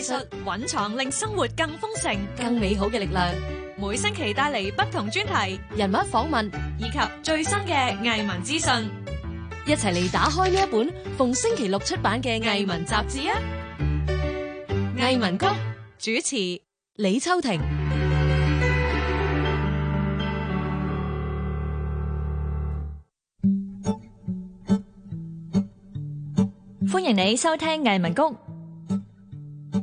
藝術蘊藏令生活更豐盛、更美好嘅力量。每星期帶嚟不同專題、人物訪問以及最新嘅藝文資訊，一齊嚟打開呢一本逢星期六出版嘅藝文雜誌啊！藝文谷主持李秋婷，歡迎你收聽藝文谷。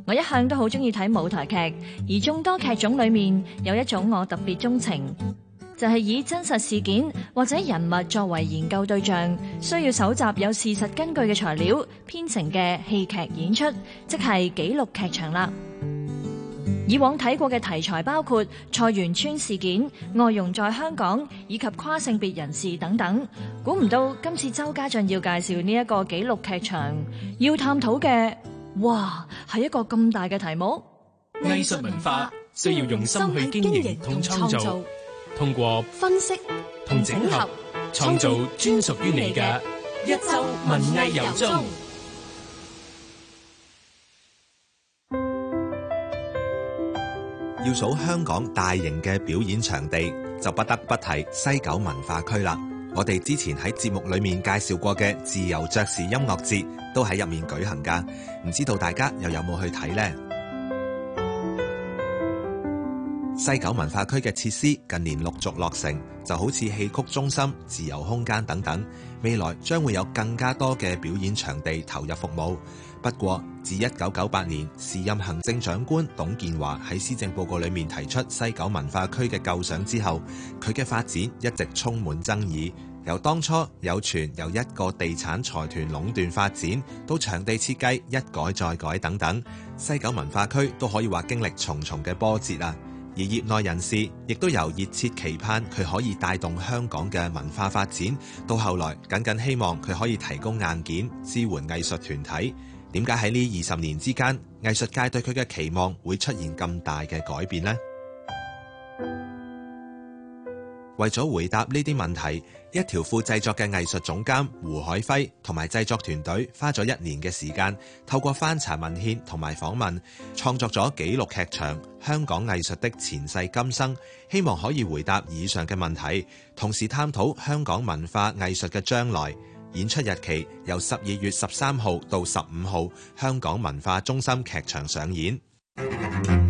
我一向都好中意睇舞台劇，而眾多劇種裏面有一種我特別鍾情，就係以真實事件或者人物作為研究對象，需要搜集有事實根據嘅材料編成嘅戲劇演出，即係紀錄劇場啦。以往睇過嘅題材包括菜園村事件、外傭在香港以及跨性別人士等等。估唔到今次周家俊要介紹呢一個紀錄劇場，要探討嘅。哇，係一個咁大嘅題目。藝術文化需要用心去經營同創造，通過分析同整合，創造專屬於你嘅一周文藝遊蹤。要數香港大型嘅表演場地，就不得不提西九文化區啦。我哋之前喺節目裏面介紹過嘅自由爵士音樂節都喺入面舉行㗎，唔知道大家又有冇去睇呢？西九文化區嘅設施近年陸續落成，就好似戲曲中心、自由空間等等，未來將會有更加多嘅表演場地投入服務。不過，自一九九八年時任行政長官董建華喺施政報告裏面提出西九文化區嘅構想之後，佢嘅發展一直充滿爭議。由當初有傳由一個地產財團壟斷發展，到場地設計一改再改等等，西九文化區都可以話經歷重重嘅波折啦。而業內人士亦都由熱切期盼佢可以帶動香港嘅文化發展，到後來僅僅希望佢可以提供硬件支援藝術團體。點解喺呢二十年之間，藝術界對佢嘅期望會出現咁大嘅改變呢？為咗回答呢啲問題。一條褲製作嘅藝術總監胡海輝同埋製作團隊花咗一年嘅時間，透過翻查文獻同埋訪問，創作咗紀錄劇場《香港藝術的前世今生》，希望可以回答以上嘅問題，同時探討香港文化藝術嘅將來。演出日期由十二月十三號到十五號，喺香港文化中心劇場上演。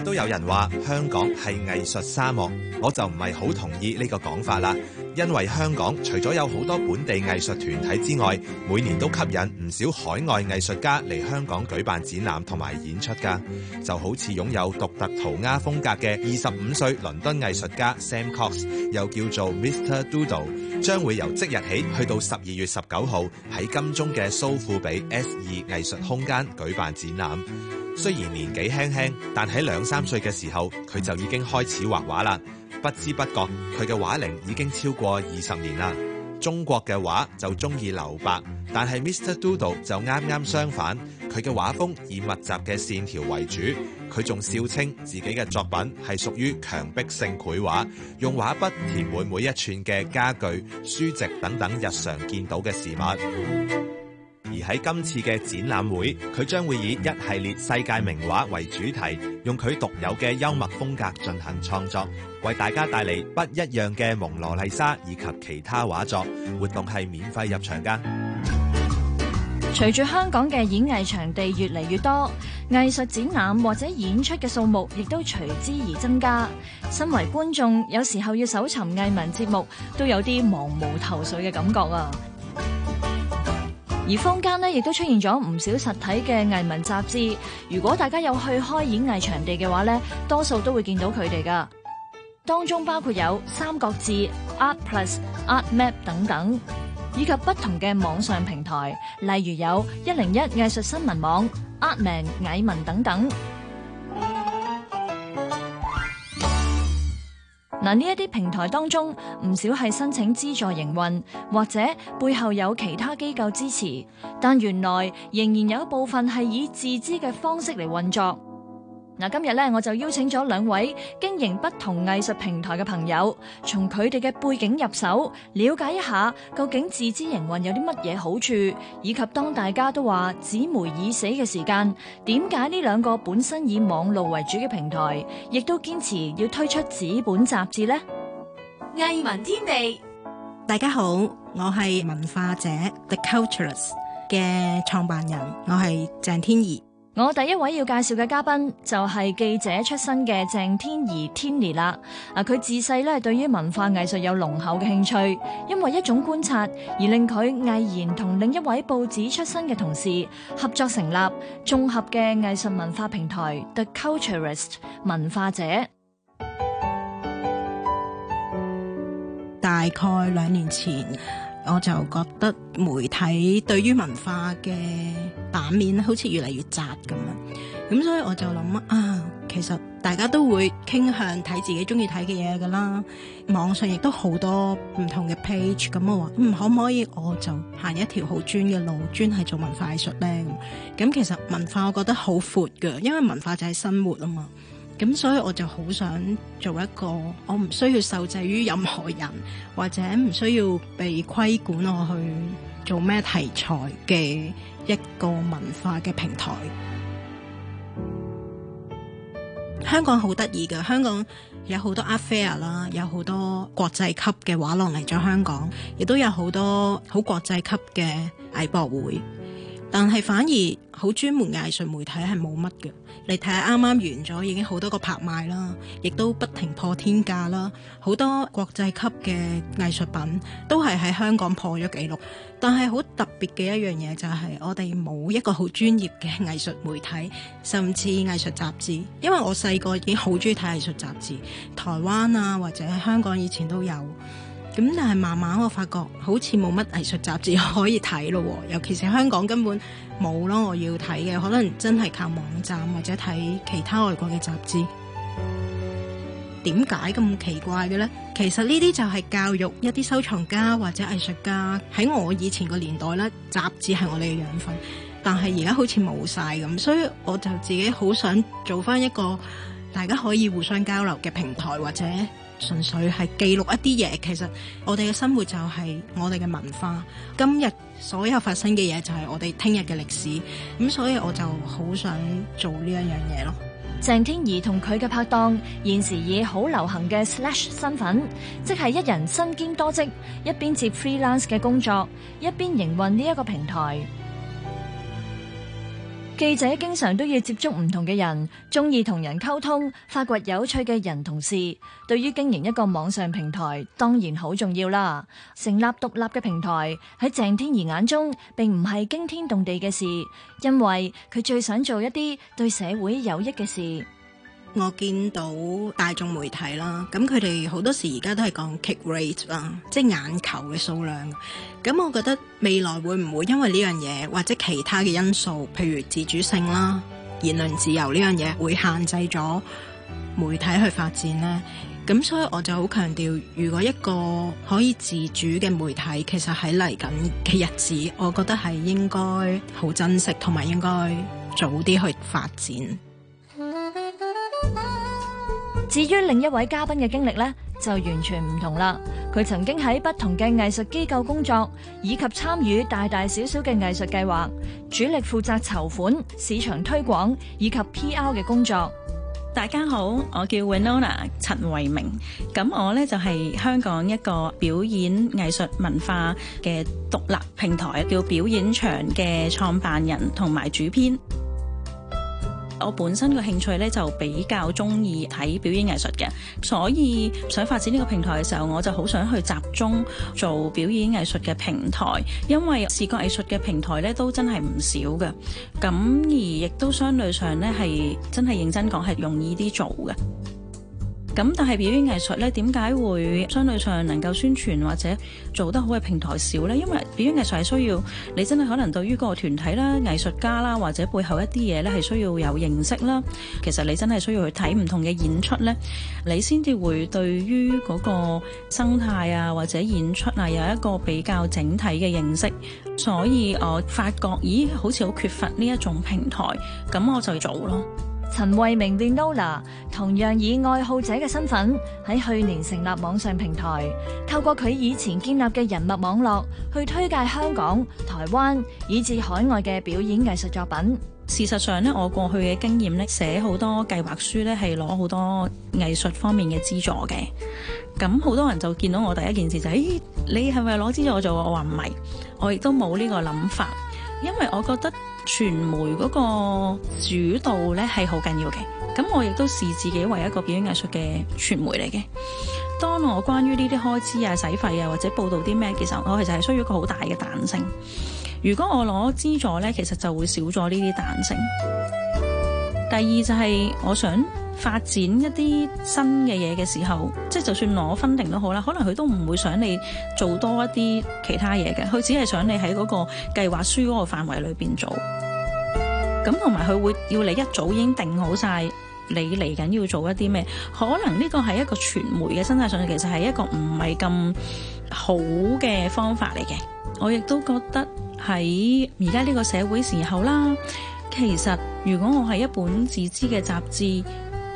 亦都有人話香港係藝術沙漠，我就唔係好同意呢個講法啦。因為香港除咗有好多本地藝術團體之外，每年都吸引唔少海外藝術家嚟香港舉辦展覽同埋演出噶。就好似擁有獨特塗鴉風格嘅二十五歲倫敦藝術家 Sam Cox，又叫做 Mr Doodle，將會由即日起去到十二月十九號喺金鐘嘅蘇富比 S 二藝術空間舉辦展覽。雖然年紀輕輕，但喺兩三歲嘅時候，佢就已經開始畫畫啦。不知不覺，佢嘅畫齡已經超過二十年啦。中國嘅畫就中意留白，但係 Mr. Doodle 就啱啱相反，佢嘅畫風以密集嘅線條為主。佢仲笑稱自己嘅作品係屬於強迫性繪畫，用畫筆填滿每一寸嘅家具、書籍等等日常見到嘅事物。而喺今次嘅展覽會，佢將會以一系列世界名畫為主題，用佢獨有嘅幽默風格進行創作，為大家帶嚟不一樣嘅蒙娜麗莎以及其他畫作。活動係免費入場噶隨住香港嘅演藝場地越嚟越多，藝術展覽或者演出嘅數目亦都隨之而增加。身為觀眾，有時候要搜尋藝文節目，都有啲茫無頭緒嘅感覺啊！而坊間咧亦都出現咗唔少實體嘅藝文雜誌。如果大家有去開演藝場地嘅話咧，多數都會見到佢哋㗎。當中包括有三角誌、Art Plus、Art Map 等等，以及不同嘅網上平台，例如有一零一藝術新聞網、Art Man 藝文等等。嗱，呢一啲平台當中，唔少係申請資助營運，或者背後有其他機構支持，但原來仍然有一部分係以自資嘅方式嚟運作。嗱，今日咧我就邀請咗兩位經營不同藝術平台嘅朋友，從佢哋嘅背景入手，了解一下究竟自資營運有啲乜嘢好處，以及當大家都話紙媒已死嘅時間，點解呢兩個本身以網絡為主嘅平台，亦都堅持要推出紙本雜誌呢？藝文天地，大家好，我係文化者 The Culturist 嘅創辦人，我係鄭天儀。我第一位要介紹嘅嘉賓就係記者出身嘅鄭天儀天妮啦。啊，佢自細咧對於文化藝術有濃厚嘅興趣，因為一種觀察而令佢毅然同另一位報紙出身嘅同事合作成立綜合嘅藝術文化平台 The Cultureist 文化者，大概兩年前。我就覺得媒體對於文化嘅版面好似越嚟越窄咁啊！咁所以我就諗啊，其實大家都會傾向睇自己中意睇嘅嘢噶啦。網上亦都好多唔同嘅 page 咁啊，我話嗯，可唔可以我就行一條好專嘅路，專係做文化藝術呢？咁其實文化我覺得好闊噶，因為文化就係生活啊嘛。咁所以我就好想做一個，我唔需要受制於任何人，或者唔需要被規管，我去做咩題材嘅一個文化嘅平台。香港好得意㗎！香港有好多 art fair 啦，有好多國際級嘅畫廊嚟咗香港，亦都有好多好國際級嘅藝博會。但係反而好專門嘅藝術媒體係冇乜嘅，你睇下啱啱完咗已經好多個拍賣啦，亦都不停破天價啦，好多國際級嘅藝術品都係喺香港破咗紀錄。但係好特別嘅一樣嘢就係我哋冇一個好專業嘅藝術媒體，甚至藝術雜誌，因為我細個已經好中意睇藝術雜誌，台灣啊或者香港以前都有。咁但係慢慢我發覺好似冇乜藝術雜誌可以睇咯，尤其是香港根本冇咯，我要睇嘅可能真係靠網站或者睇其他外國嘅雜誌。點解咁奇怪嘅呢？其實呢啲就係教育一啲收藏家或者藝術家，喺我以前個年代咧，雜誌係我哋嘅養分，但係而家好似冇晒咁，所以我就自己好想做翻一個大家可以互相交流嘅平台或者。純粹係記錄一啲嘢，其實我哋嘅生活就係我哋嘅文化。今日所有發生嘅嘢就係我哋聽日嘅歷史。咁所以我就好想做呢一樣嘢咯。鄭天儀同佢嘅拍檔現時以好流行嘅 Slash 身份，即係一人身兼多職，一邊接 freelance 嘅工作，一邊營運呢一個平台。記者經常都要接觸唔同嘅人，中意同人溝通，發掘有趣嘅人同事。對於經營一個網上平台，當然好重要啦。成立獨立嘅平台喺鄭天儀眼中，並唔係驚天動地嘅事，因為佢最想做一啲對社會有益嘅事。我見到大眾媒體啦，咁佢哋好多時而家都係講 click rate 啦，即係眼球嘅數量。咁我覺得未來會唔會因為呢樣嘢或者其他嘅因素，譬如自主性啦、言論自由呢樣嘢，會限制咗媒體去發展呢？咁所以我就好強調，如果一個可以自主嘅媒體，其實喺嚟緊嘅日子，我覺得係應該好珍惜同埋應該早啲去發展。至於另一位嘉賓嘅經歷呢，就完全唔同啦。佢曾經喺不同嘅藝術機構工作，以及參與大大小小嘅藝術計劃，主力負責籌款、市場推廣以及 P.R. 嘅工作。大家好，我叫 Winona 陳慧明，咁我呢，就係香港一個表演藝術文化嘅獨立平台，叫表演場嘅創辦人同埋主編。我本身嘅興趣咧就比較鍾意睇表演藝術嘅，所以想發展呢個平台嘅時候，我就好想去集中做表演藝術嘅平台，因為視覺藝術嘅平台咧都真係唔少嘅，咁而亦都相對上咧係真係認真講係容易啲做嘅。咁但係表演藝術咧，點解會相對上能夠宣傳或者做得好嘅平台少呢？因為表演藝術係需要你真係可能對於嗰個團體啦、藝術家啦，或者背後一啲嘢咧，係需要有認識啦。其實你真係需要去睇唔同嘅演出呢，你先至會對於嗰個生態啊或者演出啊有一個比較整體嘅認識。所以我發覺，咦，好似好缺乏呢一種平台，咁我就做咯。陳慧明練 Nola 同樣以愛好者嘅身份喺去年成立網上平台，透過佢以前建立嘅人脈網絡，去推介香港、台灣以至海外嘅表演藝術作品。事實上呢，我過去嘅經驗呢，寫好多計劃書呢係攞好多藝術方面嘅資助嘅。咁好多人就見到我第一件事就係：咦，你係咪攞資助我做？我話唔係，我亦都冇呢個諗法，因為我覺得。傳媒嗰個主導呢係好緊要嘅，咁我亦都視自己為一個表演藝術嘅傳媒嚟嘅。當我關於呢啲開支啊、使費啊或者報道啲咩，其實我其實係需要一個好大嘅彈性。如果我攞資助呢，其實就會少咗呢啲彈性。第二就係我想發展一啲新嘅嘢嘅時候，即係就算攞分定都好啦，可能佢都唔會想你做多一啲其他嘢嘅，佢只係想你喺嗰個計劃書嗰個範圍裏邊做。咁同埋佢會要你一早已經定好晒，你嚟緊要做一啲咩？可能呢個係一個傳媒嘅生態上面，其實係一個唔係咁好嘅方法嚟嘅。我亦都覺得喺而家呢個社會時候啦，其實如果我係一本自資嘅雜誌，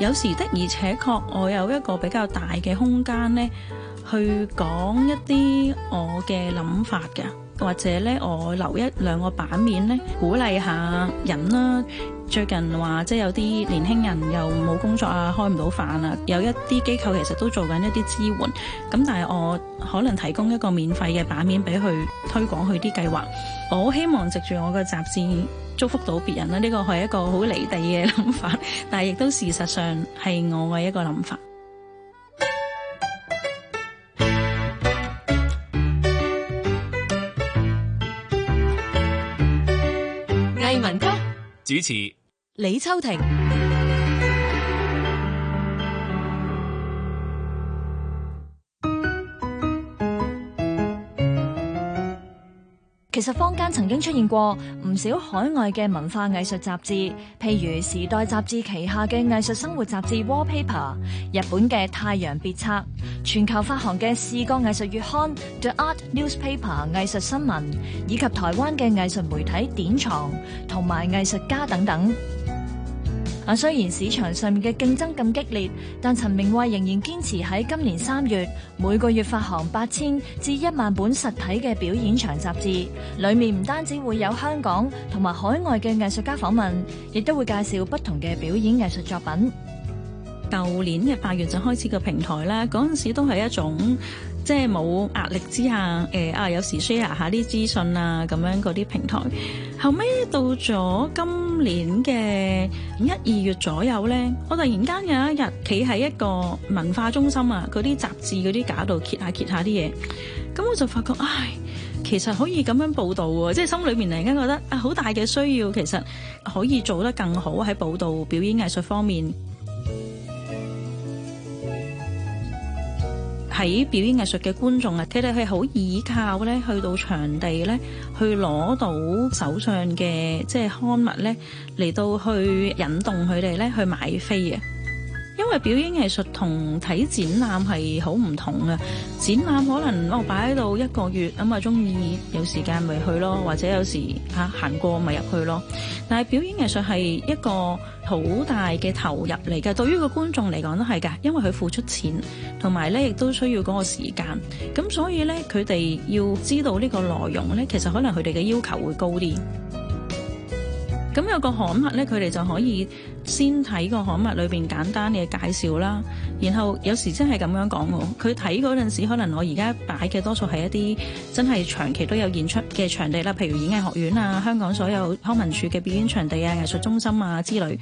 有時的而且確我有一個比較大嘅空間呢，去講一啲我嘅諗法嘅。或者咧，我留一兩個版面咧，鼓勵下人啦。最近話即係有啲年輕人又冇工作啊，開唔到飯啊，有一啲機構其實都做緊一啲支援。咁但係我可能提供一個免費嘅版面俾佢推廣佢啲計劃。我好希望藉住我個雜誌祝福到別人啦。呢個係一個好離地嘅諗法，但係亦都事實上係我嘅一個諗法。主持李秋婷。其實坊間曾經出現過唔少海外嘅文化藝術雜誌，譬如《時代》雜誌旗下嘅《藝術生活》雜誌，《Wallpaper》，日本嘅《太陽別冊》，全球發行嘅《視覺藝術月刊》《The Art Newspaper》藝術新聞，以及台灣嘅藝術媒體《典藏》同埋藝術家等等。雖然市場上面嘅競爭咁激烈，但陳慧明仍然堅持喺今年三月每個月發行八千至一萬本實體嘅表演場雜誌，裏面唔單止會有香港同埋海外嘅藝術家訪問，亦都會介紹不同嘅表演藝術作品。舊年嘅八月就開始個平台啦，嗰陣時都係一種即係冇壓力之下，誒、呃、啊，有時 share 下啲資訊啊，咁樣嗰啲平台。後尾到咗今年嘅一二月左右呢，我突然間有一日企喺一個文化中心啊，嗰啲雜誌嗰啲架度揭下揭下啲嘢，咁我就發覺，唉，其實可以咁樣報導喎，即係心裏面突然間覺得啊，好大嘅需要，其實可以做得更好喺報導表演藝術方面。喺表演藝術嘅觀眾啊，佢哋係好倚靠咧，去到場地咧，去攞到手上嘅即係刊物咧，嚟到去引動佢哋咧去買飛嘅。因為表演藝術同睇展覽係好唔同嘅，展覽可能我擺喺度一個月，咁啊鍾意有時間咪去咯，或者有時吓、啊、行過咪入去咯。但係表演藝術係一個好大嘅投入嚟嘅，對於個觀眾嚟講都係㗎，因為佢付出錢，同埋咧亦都需要嗰個時間。咁所以咧，佢哋要知道呢個內容咧，其實可能佢哋嘅要求會高啲。咁有個刊物咧，佢哋就可以先睇個刊物裏面簡單嘅介紹啦。然後有時真係咁樣講喎，佢睇嗰陣時，可能我而家擺嘅多數係一啲真係長期都有演出嘅場地啦，譬如演藝學院啊、香港所有康文署嘅表演場地啊、藝術中心啊之類。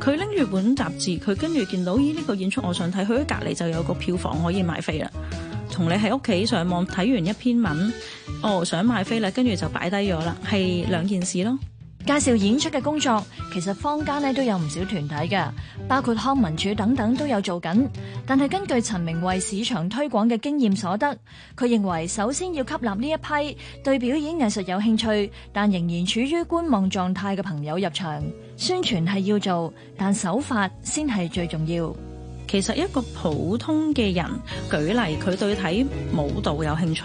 佢拎住本雜誌，佢跟住見到咦，呢個演出，我想睇，佢喺隔離就有個票房可以買飛啦。同你喺屋企上網睇完一篇文，哦想買飛啦，跟住就擺低咗啦，係兩件事咯。介紹演出嘅工作，其實坊間咧都有唔少團體嘅，包括康文署等等都有做緊。但係根據陳慧明市場推廣嘅經驗所得，佢認為首先要吸納呢一批對表演藝術有興趣但仍然處於觀望狀態嘅朋友入場。宣傳係要做，但手法先係最重要。其實一個普通嘅人，舉例佢對睇舞蹈有興趣，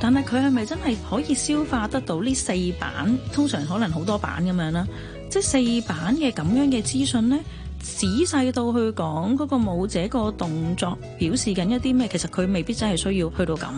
但係佢係咪真係可以消化得到呢四版？通常可能好多版咁樣啦，即四版嘅咁樣嘅資訊呢。仔細到去講嗰個舞者個動作表示緊一啲咩，其實佢未必真係需要去到咁。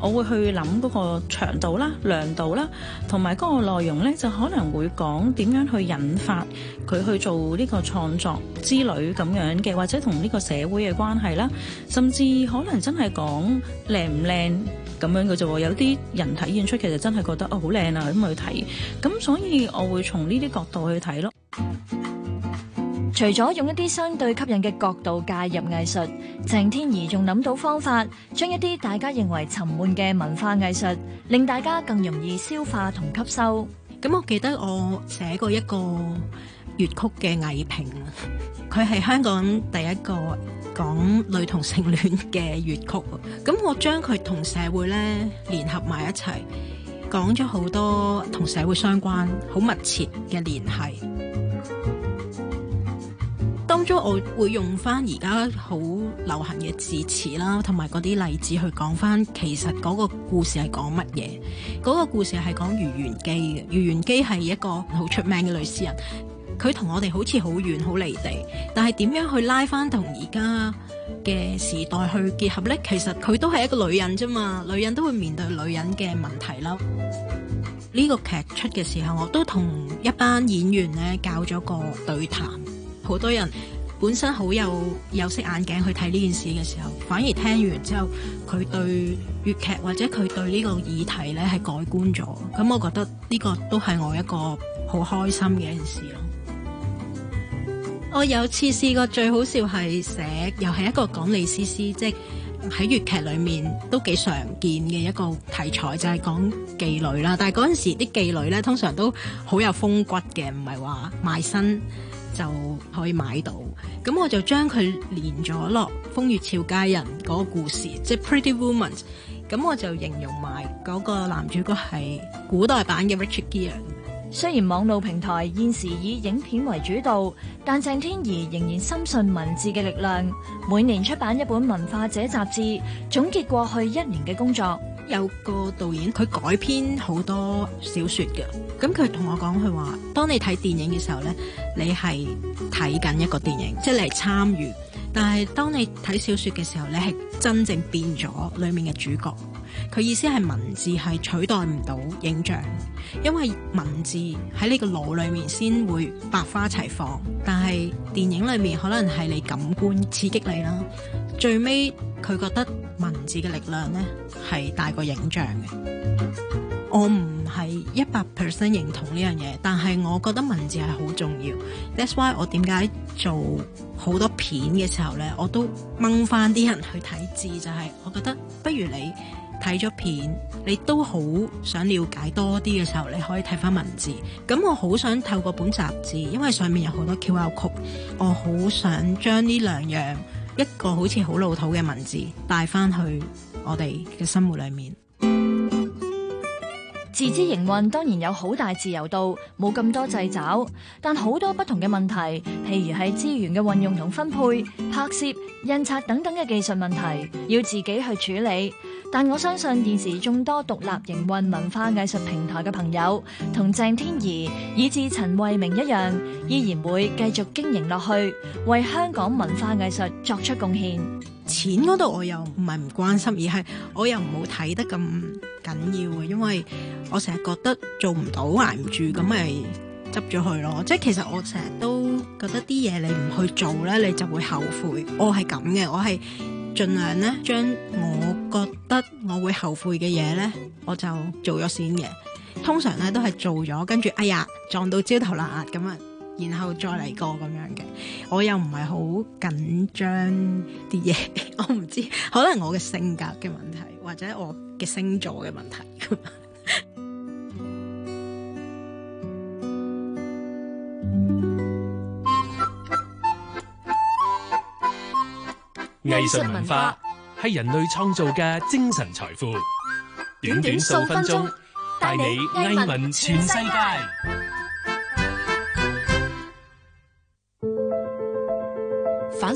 我會去諗嗰個長度啦、亮度啦，同埋嗰個內容呢，就可能會講點樣去引發佢去做呢個創作之旅咁樣嘅，或者同呢個社會嘅關係啦，甚至可能真係講靚唔靚咁樣嘅啫。有啲人睇演出其實真係覺得哦，好靚啊，咁去睇。咁所以我會從呢啲角度去睇咯。除咗用一啲相對吸引嘅角度介入藝術，鄭天儀仲諗到方法，將一啲大家認為沉悶嘅文化藝術，令大家更容易消化同吸收。咁我記得我寫過一個粵曲嘅藝評，佢係香港第一個講女同性戀嘅粵曲。咁我將佢同社會咧聯合埋一齊，講咗好多同社會相關好密切嘅聯繫。當中我會用翻而家好流行嘅字詞啦，同埋嗰啲例子去講翻，其實嗰個故事係講乜嘢？嗰個故事係講魚玄機嘅。魚玄機係一個好出名嘅女詩人，佢同我哋好似好遠好離地，但係點樣去拉翻同而家嘅時代去結合呢？其實佢都係一個女人啫嘛，女人都會面對女人嘅問題啦。呢個劇出嘅時候，我都同一班演員咧搞咗個對談。好多人本身好有有色眼鏡去睇呢件事嘅時候，反而聽完之後，佢對粵劇或者佢對呢個議題咧係改觀咗。咁我覺得呢個都係我一個好開心嘅一件事咯。我有次試過最好笑係寫，又係一個講李師師，即係喺粵劇裏面都幾常見嘅一個題材，就係講妓女啦。但係嗰陣時啲妓女咧通常都好有風骨嘅，唔係話賣身。就可以買到咁，那我就將佢連咗落《風月俏佳人》嗰個故事，即係 Pretty Woman。咁我就形容埋嗰個男主角係古代版嘅 Richard Gere。雖然網絡平台現時以影片為主導，但鄭天儀仍然深信文字嘅力量，每年出版一本《文化者》雜誌，總結過去一年嘅工作。有個導演，佢改編好多小說嘅。咁佢同我講，佢話當你睇電影嘅時候呢，你係睇緊一個電影，即係你係參與；但係當你睇小說嘅時候，你係真正變咗裏面嘅主角。佢意思係，文字係取代唔到影像，因為文字喺你個腦裏面先會百花齊放，但係電影裏面可能係你感官刺激你啦。最尾佢覺得文字嘅力量呢係大過影像嘅。我唔係一百 percent 認同呢樣嘢，但係我覺得文字係好重要。 That's why 我點解做好多片嘅時候呢，我都掹翻啲人去睇字，就係、是、我覺得不如你。睇咗片，你都好想了解多啲嘅時候，你可以睇翻文字。咁我好想透過本雜誌，因為上面有好多 QR Code，我好想將呢兩樣一個好似好老土嘅文字帶翻去我哋嘅生活裏面。自資營運當然有好大自由度，冇咁多掣肘，但好多不同嘅問題，譬如係資源嘅運用同分配，拍攝，印刷等等嘅技術問題，要自己去處理。但我相信現時眾多獨立營運文化藝術平台嘅朋友，同鄭天儀以至陳慧明一樣，依然會繼續經營落去，為香港文化藝術作出貢獻。錢嗰度我又唔係唔關心，而係我又唔好睇得咁緊要嘅，因為我成日覺得做唔到挨唔住，咁咪執咗去咯。即係其實我成日都覺得啲嘢你唔去做咧，你就會後悔。我係咁嘅，我係盡量咧將我。覺得我會後悔嘅嘢呢，我就做咗先嘅。通常咧都係做咗，跟住哎呀撞到焦頭爛額咁啊，然後再嚟過咁樣嘅。我又唔係好緊張啲嘢，我唔知可能我嘅性格嘅問題，或者我嘅星座嘅問題。 藝術文化。係人類創造嘅精神財富，短短數分鐘帶你藝聞全世界。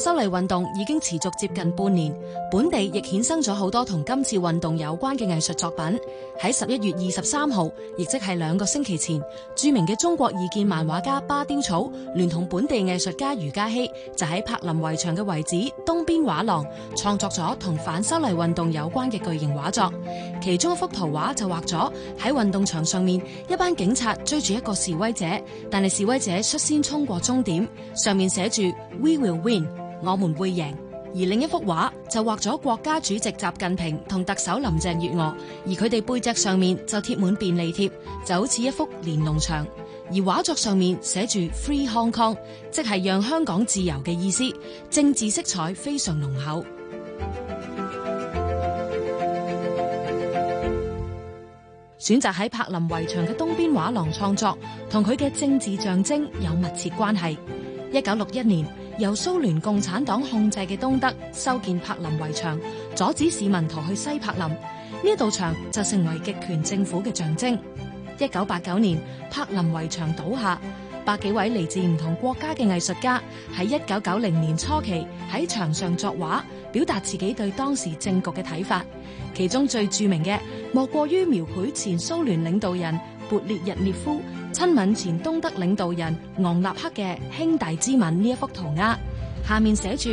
修例運動已經持續接近半年，本地亦衍生咗好多同今次運動有關嘅藝術作品。喺十一月二十三號，亦即係兩個星期前，著名嘅中國異見漫畫家巴丟草，聯同本地藝術家余嘉希，就喺柏林圍牆嘅遺址東邊畫廊創作咗同反修例運動有關嘅巨型畫作。其中一幅圖畫就畫咗喺運動場上面，一班警察追住一個示威者，但係示威者率先衝過終點。上面寫住 We will win。我們會贏。而另一幅畫就畫咗國家主席習近平同特首林鄭月娥，而佢哋背脊上面就貼滿便利貼，就好似一幅連儂牆。而畫作上面寫住 Free Hong Kong，即係讓香港自由嘅意思，政治色彩非常濃厚。 選擇喺柏林圍牆嘅東邊畫廊創作，同佢嘅政治象徵有密切關係。一九六一年，由蘇聯共產黨控制嘅東德修建柏林圍牆，阻止市民逃去西柏林，呢道牆就成為極權政府嘅象徵。一九八九年，柏林圍牆倒下，百幾位嚟自唔同國家嘅藝術家喺一九九零年初期喺牆上作畫，表達自己對當時政局嘅睇法。其中最著名嘅莫過於描繪前蘇聯領導人勃列日涅夫親吻前東德領導人昂納克嘅兄弟之吻呢一幅塗鴉，下面寫住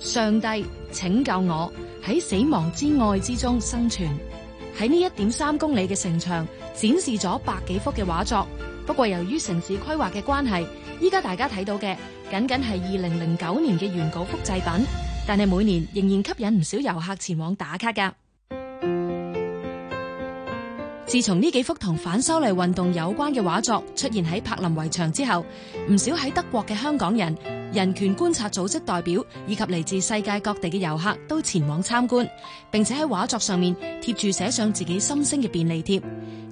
上帝拯救我喺死亡之愛之中生存。喺呢一點三公里嘅城牆展示咗百幾幅嘅畫作，不過由於城市規劃嘅關係，依家大家睇到嘅僅僅係二零零九年嘅原稿複製品。但係每年仍然吸引唔少遊客前往打卡噶。自從呢幾幅同反修例運動有關嘅畫作出現喺柏林圍牆之後，唔少喺德國嘅香港人、人權觀察組織代表以及嚟自世界各地嘅遊客都前往參觀，並且喺畫作上面貼住寫上自己心聲嘅便利貼。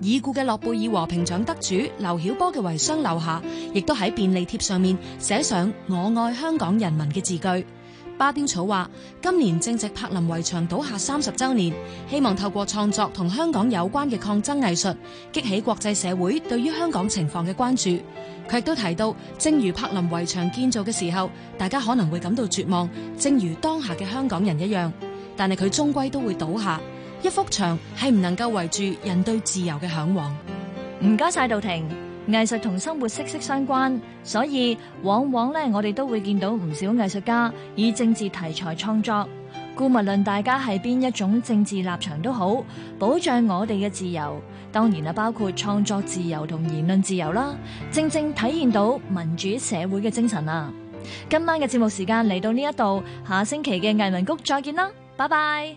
已故嘅諾貝爾和平獎得主劉曉波嘅遺孀劉霞，亦都喺便利貼上面寫上我愛香港人民嘅字句。巴雕草話：今年正值柏林圍牆倒下三十周年，希望透過創作同香港有關嘅抗爭藝術，激起國際社會對於香港情況嘅關注。佢亦都提到，正如柏林圍牆建造嘅時候，大家可能會感到絕望，正如當下嘅香港人一樣。但係佢終歸都會倒下，一幅牆係唔能夠圍住人對自由嘅向往。唔該晒，道婷。藝術同生活息息相關，所以往往咧，我哋都會見到唔少藝術家以政治題材創作。姑勿論大家係邊一種政治立場都好，保障我哋嘅自由，當然包括創作自由同言論自由啦，正正體現到民主社會嘅精神啊。今晚嘅節目時間嚟到呢一度，下星期嘅藝文谷再見啦，拜拜。